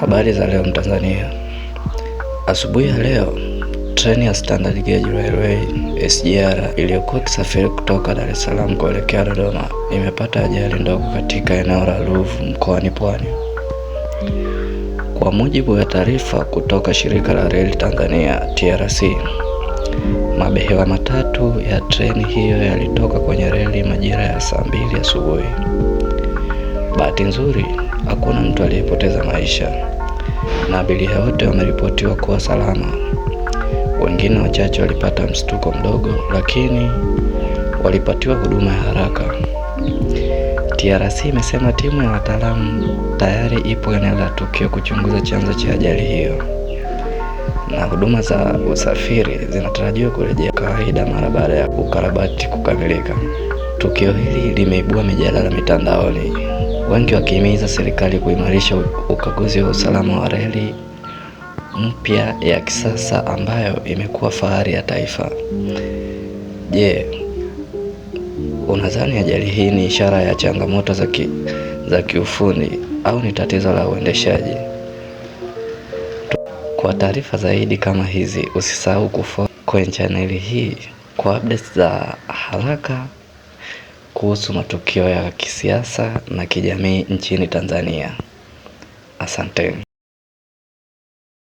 Habari za leo Mtanzania. Asubuhi ya leo treni ya Standard Gauge Railway SGR iliyokuwa ikisafiri kutoka Dar es Salaam kuelekea Dodoma imepata ajali ndogo katika eneo la Ruvu mkoani Pwani. Kwa mujibu wa taarifa kutoka shirika la reli Tanzania TRC, mabehewa matatu ya treni hiyo yalitoka kwenye reli majira ya saa mbili asubuhi. Bahati nzuri hakuna mtu aliyepoteza maisha na abiria wote wameripotiwa kuwa salama. Wengine wachache walipata mshtuko mdogo, lakini walipatiwa huduma ya haraka. TRC imesema timu ya wataalamu tayari ipo eneo la tukio kuchunguza chanzo cha ajali hiyo, na huduma za usafiri zinatarajiwa kurejea kawaida mara baada ya ukarabati kukamilika. Tukio hili limeibua mijadala mitandaoni wengi wakihimiza serikali kuimarisha ukaguzi wa usalama wa reli mpya ya kisasa ambayo imekuwa fahari ya taifa. Je, unadhani ajali hii ni ishara ya changamoto za ki, za kiufundi au ni tatizo la uendeshaji? Kwa taarifa zaidi kama hizi, usisahau kufollow kwenye chaneli hii kwa updates za haraka kuhusu matukio ya kisiasa na kijamii nchini Tanzania. Asanteni.